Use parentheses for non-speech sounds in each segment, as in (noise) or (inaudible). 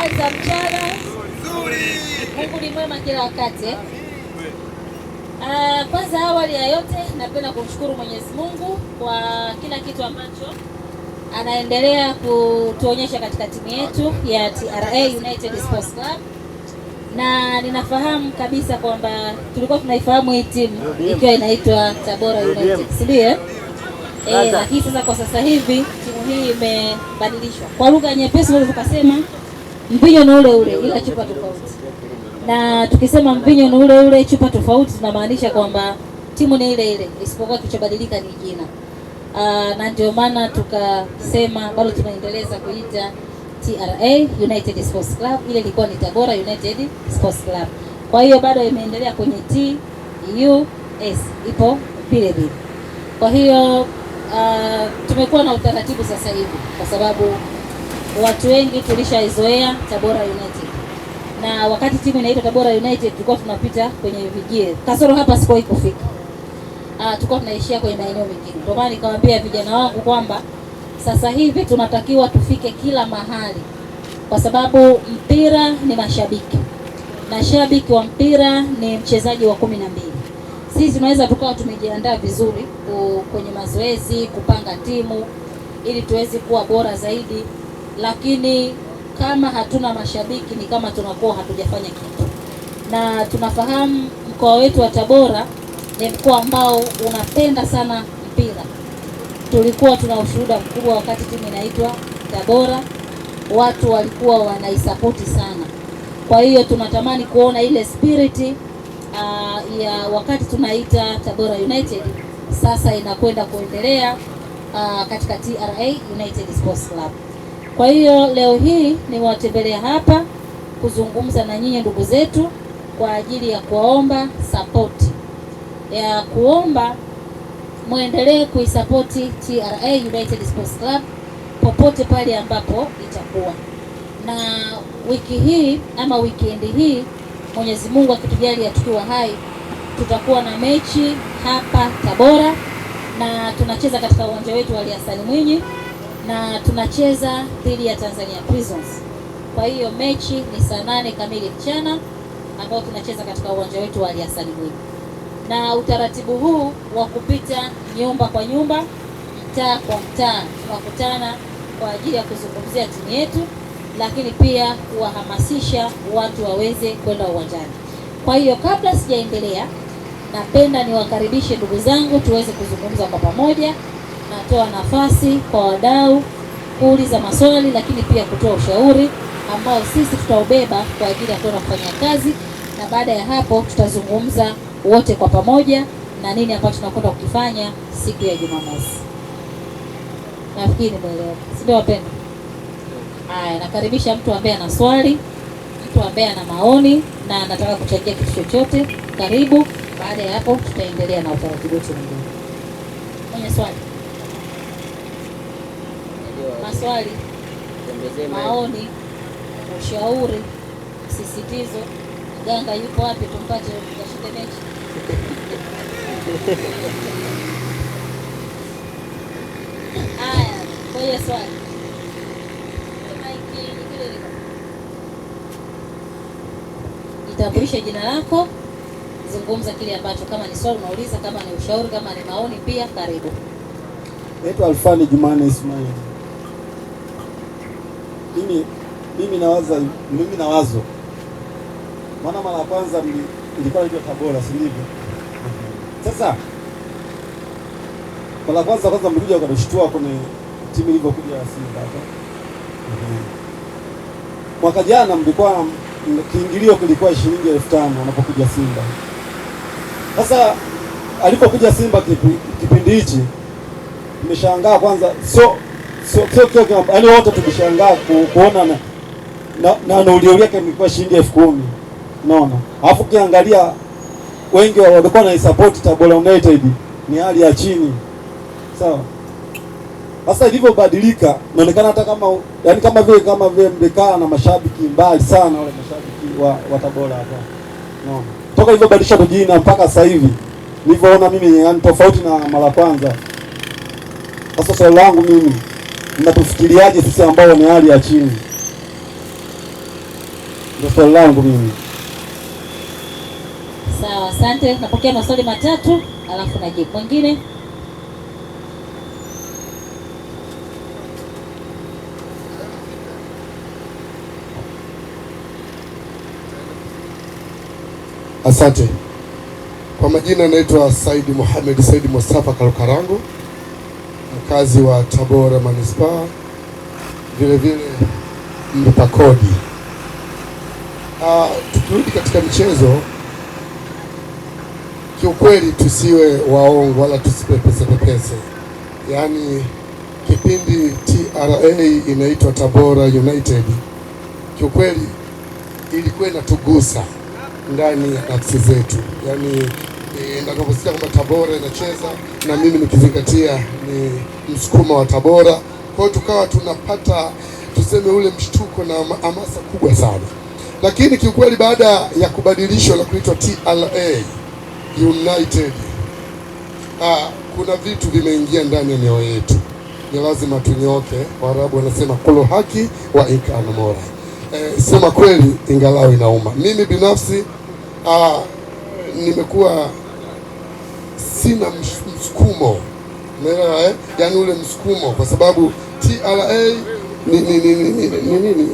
Habari za mchana. Mungu ni mwema kila wakati. Uh, kwanza awali ya yote napenda kumshukuru Mwenyezi Mungu kwa kila kitu ambacho anaendelea kutuonyesha katika timu yetu ya TRA United Sports Club, na ninafahamu kabisa kwamba tulikuwa tunaifahamu hii timu ikiwa inaitwa Tabora United, si ndio? Eh, lakini sasa kwa sasa hivi timu hii imebadilishwa kwa lugha nyepesi, tukasema mvinyo ni ule ule ila chupa tofauti. Na tukisema mvinyo ni ule ule chupa tofauti, tunamaanisha kwamba timu ni ile ile, isipokuwa kichobadilika ni jina. Uh, na ndio maana tukasema bado tunaendeleza kuita TRA United Sports Club, ile ilikuwa ni Tabora United Sports Club. Kwa hiyo bado imeendelea kwenye T U S ipo vile vile. Kwa hiyo uh, tumekuwa na utaratibu sasa hivi kwa sababu watu wengi tulishaizoea Tabora United, na wakati timu inaitwa Tabora United tulikuwa tunapita kwenye vijie kasoro hapa sikuwahi kufika. Ah, tulikuwa tunaishia kwenye maeneo mengine. Kwa maana nikamwambia vijana wangu kwamba sasa hivi tunatakiwa tufike kila mahali, kwa sababu mpira ni mashabiki na shabiki wa mpira ni mchezaji wa kumi na mbili. Sisi tunaweza tukawa tumejiandaa vizuri kwenye mazoezi, kupanga timu ili tuweze kuwa bora zaidi lakini kama hatuna mashabiki ni kama tunakuwa hatujafanya kitu, na tunafahamu mkoa wetu wa Tabora ni mkoa ambao unapenda sana mpira. Tulikuwa tuna ushuhuda mkubwa wakati timu inaitwa Tabora, watu walikuwa wanaisapoti sana. Kwa hiyo tunatamani kuona ile spiriti uh, ah, ya wakati tunaita Tabora United sasa inakwenda kuendelea uh, katika TRA United Sports Club. Kwa hiyo leo hii niwatembelea hapa kuzungumza na nyinyi ndugu zetu kwa ajili ya kuwaomba sapoti ya kuomba mwendelee kuisapoti TRA United Sports Club popote pale ambapo itakuwa na wiki hii ama wikendi hii, Mwenyezi Mungu akitujalia tukiwa hai, tutakuwa na mechi hapa Tabora na tunacheza katika uwanja wetu wa Hassan Mwinyi na tunacheza dhidi ya Tanzania Prisons. Kwa hiyo mechi ni saa nane kamili mchana ambao tunacheza katika uwanja wetu wa Ali Hassan Mwinyi, na utaratibu huu wa kupita nyumba kwa nyumba, mtaa kwa mtaa, tunakutana kwa ajili ya kuzungumzia timu yetu, lakini pia kuwahamasisha watu waweze kwenda uwanjani. Kwa hiyo kabla sijaendelea, napenda niwakaribishe ndugu zangu tuweze kuzungumza kwa pamoja natoa nafasi kwa wadau kuuliza maswali, lakini pia kutoa ushauri ambao sisi tutaubeba kwa ajili ya kwenda kufanya kazi, na baada ya hapo tutazungumza wote kwa pamoja na nini ambacho tunakwenda kukifanya siku ya Jumamosi. Nafikiri mwelewa, ndio wapendwa? Haya, nakaribisha mtu ambaye ana swali, mtu ambaye ana maoni na anataka kuchangia kitu chochote, karibu. Baada ya hapo tutaendelea na utaratibu wetu mwingine. Mwenye swali maswali, maoni, ushauri, sisitizo, ganga yuko wapi? Tumpate tukashinde mechi. (laughs) Haya, kwenye swali jitambulishe jina lako, zungumza kile ambacho kama ni swali unauliza, kama ni ushauri, kama ni maoni pia, karibu. Naitwa Alfani Jumane Ismail mimi mimi nawaza mimi na wazo, maana mara ya kwanza ilikuwa naitwa Tabora, si ndivyo? Sasa mara ya kwanza kwanza mlikuja ukanishtua kwenye timu ilivyokuja ya Simba hapa. Mwaka jana mlikuwa kiingilio kilikuwa shilingi elfu tano unapokuja Simba. Sasa alipokuja Simba kipindi hichi nimeshangaa kwanza so so, yaani wote tulishangaa kuona na, na, na nauli yake ilikuwa shilingi elfu kumi naona Alafu ukiangalia wengi walikuwa na support Tabora United ni hali ya chini, sawa. so, Sasa ilivyobadilika inaonekana hata kama yani kama vile kama vile mmekaa na mashabiki mbali sana, wale mashabiki wa, wa Tabora hapa naona toka ilivyobadilisha kujina mpaka sasa hivi nilivyoona mimi, yaani tofauti na mara kwanza. Sasa swali langu mimi mnatufikiriaje sisi ambao ni hali ya chini? Ndio swali langu mimi. Sawa, asante. Napokea maswali matatu alafu najibu mwingine. Asante. Kwa majina naitwa Saidi Mohamed Saidi Mustafa Kalukarangu, mkazi wa Tabora manispaa, vile vile mlipa kodi. Uh, tukirudi katika michezo, kiukweli tusiwe waongo wala tusipepese pepese, yaani kipindi TRA inaitwa Tabora United kiukweli ilikuwa inatugusa ndani ya nafsi zetu, yaani nitakaposikia kwamba Tabora inacheza na mimi nikizingatia ni msukuma wa Tabora, kwa hiyo tukawa tunapata tuseme ule mshtuko na hamasa kubwa sana, lakini kiukweli baada ya kubadilishwa na kuitwa TRA United ah, kuna vitu vimeingia ndani ya mioyo yetu, ni lazima tunyoke. Waarabu wanasema kulo haki wa ikana Eh, sema kweli, ingalau inauma. Mimi binafsi ah, nimekuwa sina msukumo umeelewa eh? Yaani ule msukumo, kwa sababu TRA ni ni ni, ni, ni, ni, ni,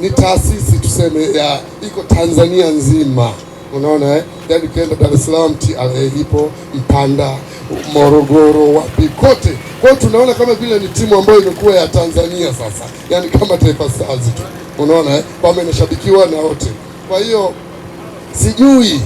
ni taasisi tuseme ya iko Tanzania nzima unaona eh? Yaani ukienda Dar es Salaam TRA ipo, Mpanda, Morogoro, wapi kote. Kwa hiyo tunaona kama vile ni timu ambayo imekuwa ya Tanzania sasa, yaani kama Taifa Stars tu unaona eh? Kwamba inashabikiwa na wote, kwa hiyo sijui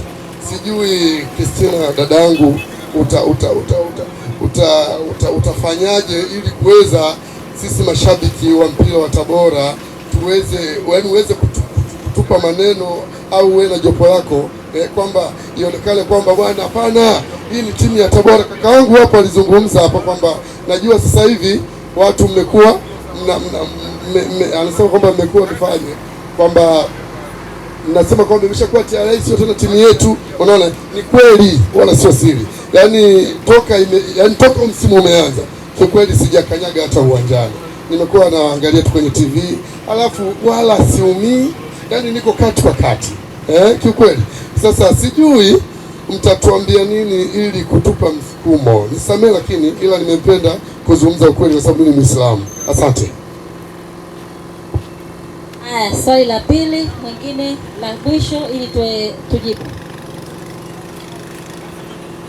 sijui Kristina dadangu, uta, uta, uta, uta, uta, uta, utafanyaje ili kuweza sisi mashabiki wa mpira wa Tabora tuweze yaani uweze kutupa maneno au uwe na jopo lako eh, kwamba ionekane kwamba bwana, hapana, hii ni timu ya Tabora. Kaka wangu hapo alizungumza hapa kwamba najua sasa hivi watu mmekuwa anasema kwamba mmekuwa mfanye kwamba nasema kwamba imeshakuwa TRA sio tena timu yetu. Unaona, ni kweli wala sio siri, yaani toka ime, yaani toka msimu umeanza kwa kweli sijakanyaga hata uwanjani, nimekuwa naangalia tu kwenye TV alafu wala siumii, yaani niko kati kwa kati eh, kiukweli. Sasa sijui mtatuambia nini ili kutupa msukumo. Nisamehe, lakini ila nimependa kuzungumza ukweli kwa sababu ni Muislamu. Asante aya swali la pili mwingine la mwisho ili tuwe, tujibu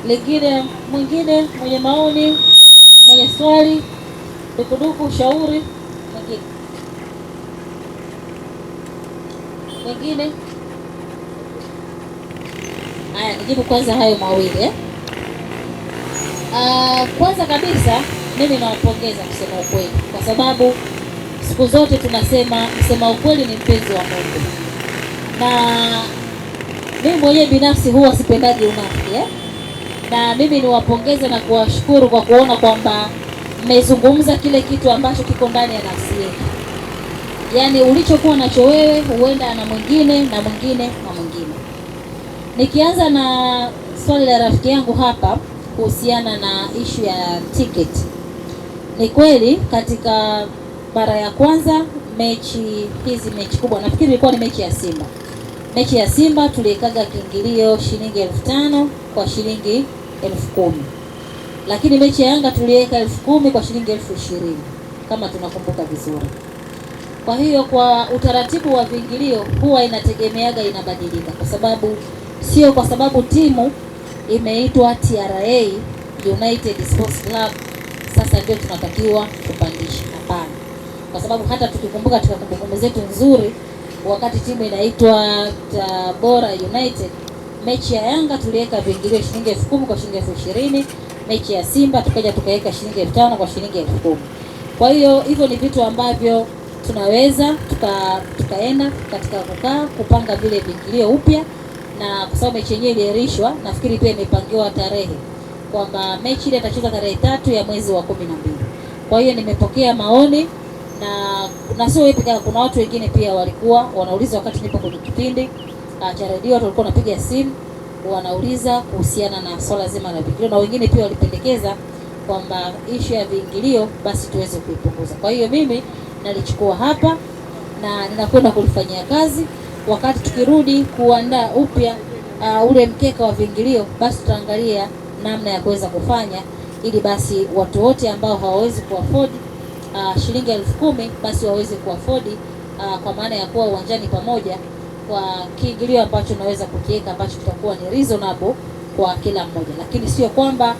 lingine mwingine mwenye maoni mwenye swali dukuduku ushauri mwingine mwingine. Aya, nijibu kwanza hayo mawili eh? Uh, kwanza kabisa mimi nawapongeza kusema ukweli kwa sababu siku zote tunasema msema ukweli ni mpenzi wa Mungu, na mimi mwenyewe binafsi huwa sipendaji unafiki eh? na mimi niwapongeze na kuwashukuru kwa kuona kwamba mmezungumza kile kitu ambacho kiko ndani ya nafsi yetu, yaani ulichokuwa nacho wewe huenda na mwingine na mwingine na mwingine. Nikianza na swali la rafiki yangu hapa kuhusiana na ishu ya tiketi, ni kweli katika mara ya kwanza mechi hizi, mechi kubwa nafikiri ilikuwa ni mechi ya Simba. Mechi ya Simba tuliwekaga kiingilio shilingi elfu tano kwa shilingi elfu kumi lakini mechi ya Yanga tuliweka elfu kumi kwa shilingi elfu ishirini kama tunakumbuka vizuri. Kwa hiyo kwa utaratibu wa viingilio huwa inategemeaga inabadilika, kwa sababu sio kwa sababu timu imeitwa TRA United Sports Club sasa ndio tunatakiwa kupandisha, hapana kwa sababu hata tukikumbuka katika kumbukumbu zetu nzuri wakati timu inaitwa Tabora United, mechi ya Yanga tuliweka viingilio shilingi elfu kumi kwa shilingi elfu ishirini mechi ya Simba tukaja tukaweka shilingi elfu tano kwa shilingi elfu kumi Kwa hiyo hivyo ni vitu ambavyo tunaweza tuka tukaenda katika kukaa kupanga vile viingilio upya, na kwa sababu mechi yenyewe iliahirishwa, nafikiri pia imepangiwa tarehe kwamba mechi ile itachezwa tarehe tatu ya mwezi wa kumi na mbili. Kwa hiyo nimepokea maoni na na sio peke pekee, kuna watu wengine pia walikuwa wanauliza wakati nipo kwenye kipindi cha redio, watu walikuwa wanapiga simu wanauliza kuhusiana na swala zima la viingilio, na wengine pia walipendekeza kwamba ishu ya viingilio basi tuweze kuipunguza. Kwa hiyo mimi nalichukua hapa na ninakwenda kulifanyia kazi. Wakati tukirudi kuandaa upya uh, ule mkeka wa viingilio, basi tutaangalia namna ya kuweza kufanya ili basi watu wote ambao hawawezi kuafodi uh, shilingi elfu kumi basi waweze kuafodi uh, kwa maana ya kuwa uwanjani pamoja kwa kiingilio ambacho unaweza kukiweka ambacho kitakuwa ni reasonable kwa kila mmoja, lakini sio kwamba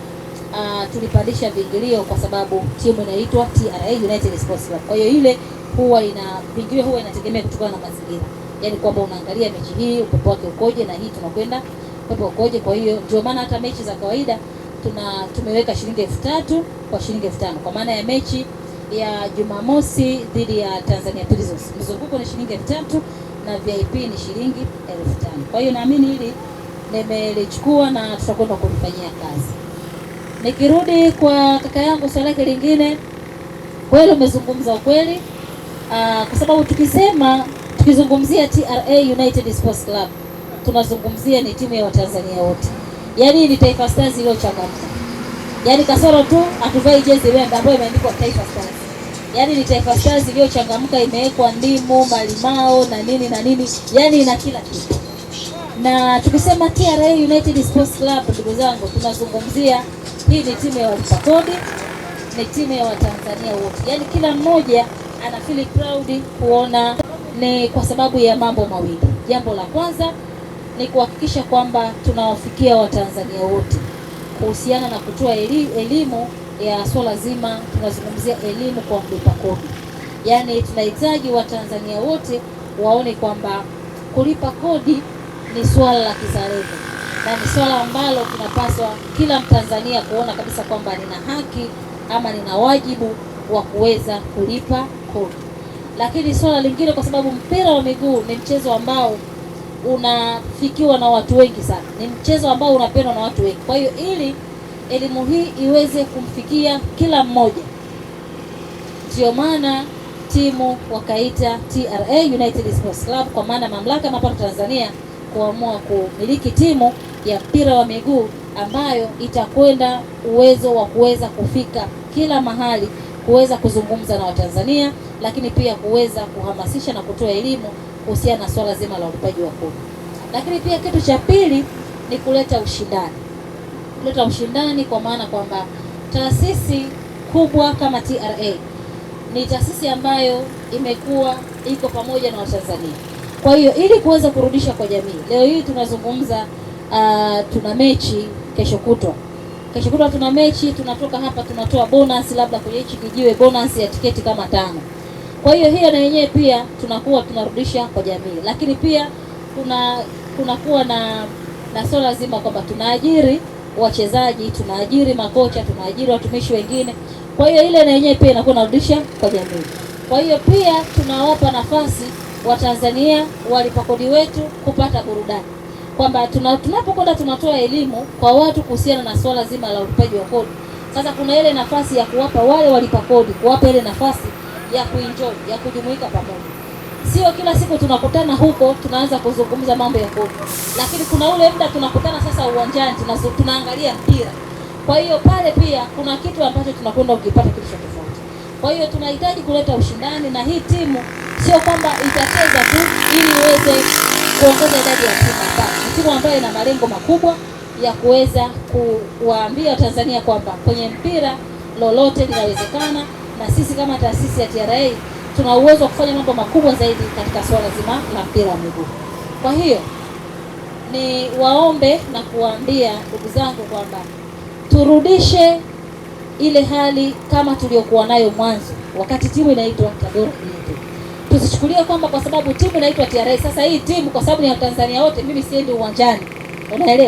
uh, tulipandisha viingilio kwa sababu timu inaitwa TRA United Sports Club. Kwa hiyo ile huwa ina viingilio huwa inategemea kutokana na mazingira, yani kwamba unaangalia mechi hii upepo wake ukoje na hii tunakwenda upepo ukoje. Kwa hiyo ndio maana hata mechi za kawaida tuna tumeweka shilingi elfu tatu kwa shilingi elfu tano kwa maana ya mechi ya Jumamosi dhidi ya Tanzania Prisons. Mzunguko ni shilingi elfu tatu na VIP ni shilingi elfu tano. Kwa hiyo naamini hili nimelichukua na tutakwenda kulifanyia kazi. Nikirudi kwa kaka yangu swali lake lingine, kweli umezungumza ukweli, ah, kwa sababu tukisema tukizungumzia TRA United Sports Club tunazungumzia ni timu ya Watanzania wote, yaani ni Taifa Stars iliyochangamka, yaani kasoro tu hatuvai jezi wembe ambayo imeandikwa Taifa Stars yani ni Taifa Stars iliyochangamka, imewekwa ndimu, malimao na nini na nini, yani ina kila kitu. Na tukisema TRA United Sports Club, ndugu zangu, tunazungumzia hii ni timu ya walipa kodi, ni timu ya Watanzania wote, yani kila mmoja ana feel proud kuona ni kwa sababu ya mambo mawili. Jambo la kwanza ni kuhakikisha kwamba tunawafikia Watanzania wote kuhusiana na kutoa elimu ya swala zima, tunazungumzia elimu kwa mlipa kodi. Yaani tunahitaji Watanzania wote waone kwamba kulipa kodi ni swala la kizalendo na ni swala ambalo tunapaswa kila Mtanzania kuona kabisa kwamba nina haki ama nina wajibu wa kuweza kulipa kodi. Lakini swala lingine, kwa sababu mpira wa miguu ni mchezo ambao unafikiwa na watu wengi sana, ni mchezo ambao unapendwa na watu wengi, kwa hiyo ili elimu hii iweze kumfikia kila mmoja. Ndiyo maana timu wakaita TRA United Sports Club, kwa maana mamlaka ya mapato Tanzania kuamua kumiliki timu ya mpira wa miguu ambayo itakwenda uwezo wa kuweza kufika kila mahali, kuweza kuzungumza na Watanzania, lakini pia kuweza kuhamasisha na kutoa elimu kuhusiana na swala zima la ulipaji wa kodi. Lakini pia kitu cha pili ni kuleta ushindani kuleta ushindani, kwa maana kwamba taasisi kubwa kama TRA ni taasisi ambayo imekuwa iko pamoja na Watanzania. Kwa hiyo ili kuweza kurudisha kwa jamii, leo hii tunazungumza uh, tuna mechi kesho kutwa, kesho kutwa tuna mechi, tunatoka hapa tunatoa bonus, labda kwenye hichi kijiwe bonus ya tiketi kama tano. Kwa hiyo hiyo na yenyewe pia tunakuwa tunarudisha kwa jamii, lakini pia kuna kunakuwa na na swala zima kwamba tunaajiri wachezaji, tunaajiri makocha, tunaajiri watumishi wengine. Kwa hiyo ile na yenyewe pia inakuwa narudisha kwa jamii. Kwa hiyo pia tunawapa nafasi Watanzania walipa kodi wetu kupata burudani, kwamba tunapokwenda tunatoa elimu kwa watu kuhusiana na swala zima la ulipaji wa kodi. Sasa kuna ile nafasi ya kuwapa wale walipa kodi, kuwapa ile nafasi ya kuenjoy, ya kujumuika pamoja. Sio kila siku tunakutana huko tunaanza kuzungumza mambo ya kodi, lakini kuna ule muda tunakutana sasa uwanjani tunaangalia mpira. Kwa hiyo pale pia kuna kitu ambacho tunakwenda kukipata kitu cha tofauti. Kwa hiyo tunahitaji kuleta ushindani, na hii timu sio kwamba itacheza tu ili iweze kuongeza idadi ya timu, Ni timu ambayo ina malengo makubwa ya kuweza kuwaambia Watanzania kwamba kwenye mpira lolote linawezekana, na sisi kama taasisi ya TRA tuna uwezo wa kufanya mambo makubwa zaidi katika swala zima la mpira wa miguu. Kwa hiyo ni waombe na kuwaambia ndugu zangu kwamba turudishe ile hali kama tuliyokuwa nayo mwanzo wakati timu inaitwa Tabora yetu. Tusichukulie kwamba kwa sababu timu inaitwa TRA sasa hii timu kwa sababu ni Watanzania wote, mimi siendi uwanjani, unaelewa?